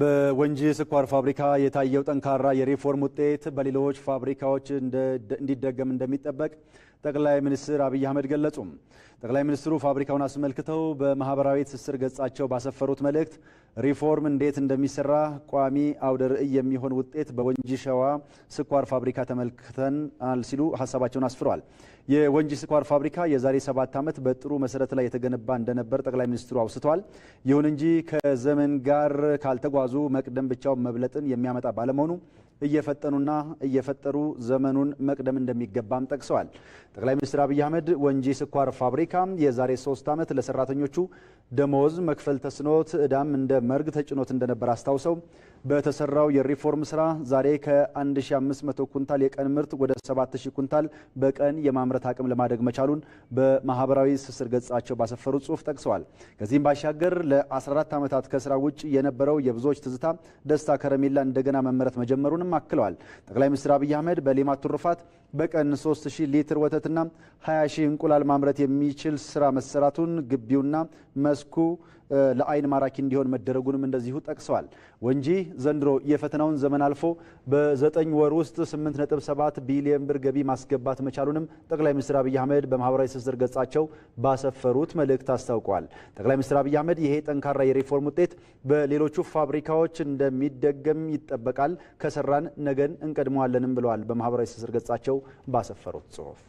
በወንጂ ስኳር ፋብሪካ የታየው ጠንካራ የሪፎርም ውጤት በሌሎች ፋብሪካዎች እንዲደገም እንደሚጠበቅ ጠቅላይ ሚኒስትር አብይ አህመድ ገለጹ። ጠቅላይ ሚኒስትሩ ፋብሪካውን አስመልክተው በማህበራዊ ትስስር ገጻቸው ባሰፈሩት መልእክት ሪፎርም እንዴት እንደሚሰራ ቋሚ አውደ ርዕይ የሚሆን ውጤት በወንጂ ሸዋ ስኳር ፋብሪካ ተመልክተናል ሲሉ ሀሳባቸውን አስፍረዋል። የወንጂ ስኳር ፋብሪካ የዛሬ ሰባት ዓመት በጥሩ መሰረት ላይ የተገነባ እንደነበር ጠቅላይ ሚኒስትሩ አውስተዋል። ይሁን እንጂ ከዘመን ጋር ካልተጓ መጓዙ መቅደም ብቻውን መብለጥን የሚያመጣ ባለመሆኑ እየፈጠኑና እየፈጠሩ ዘመኑን መቅደም እንደሚገባም ጠቅሰዋል። ጠቅላይ ሚኒስትር አብይ አህመድ ወንጂ ስኳር ፋብሪካ የዛሬ ሶስት ዓመት ለሰራተኞቹ ደሞዝ መክፈል ተስኖት እዳም እንደ መርግ ተጭኖት እንደነበር አስታውሰው በተሰራው የሪፎርም ስራ ዛሬ ከ1500 ኩንታል የቀን ምርት ወደ 7000 ኩንታል በቀን የማምረት አቅም ለማደግ መቻሉን በማህበራዊ ትስስር ገጻቸው ባሰፈሩ ጽሑፍ ጠቅሰዋል። ከዚህም ባሻገር ለ14 ዓመታት ከስራ ውጭ የነበረው የብዙዎች ትዝታ ደስታ ከረሜላ እንደገና መመረት መጀመሩንም መሆኑንም አክለዋል። ጠቅላይ ሚኒስትር አብይ አህመድ በሌማት ትሩፋት በቀን 3000 ሊትር ወተትና 20 ሺህ እንቁላል ማምረት የሚችል ስራ መሰራቱን ግቢውና መስኩ ለአይን ማራኪ እንዲሆን መደረጉንም እንደዚሁ ጠቅሰዋል። ወንጂ ዘንድሮ የፈተናውን ዘመን አልፎ በዘጠኝ ወር ውስጥ 8.7 ቢሊዮን ብር ገቢ ማስገባት መቻሉንም ጠቅላይ ሚኒስትር አብይ አህመድ በማህበራዊ ትስስር ገጻቸው ባሰፈሩት መልእክት አስታውቀዋል። ጠቅላይ ሚኒስትር አብይ አህመድ ይሄ ጠንካራ የሪፎርም ውጤት በሌሎቹ ፋብሪካዎች እንደሚደገም ይጠበቃል፣ ከሰራ ኤርትራን ነገን እንቀድመዋለንም ብለዋል በማህበራዊ ስስር ገጻቸው ባሰፈሩት ጽሁፍ።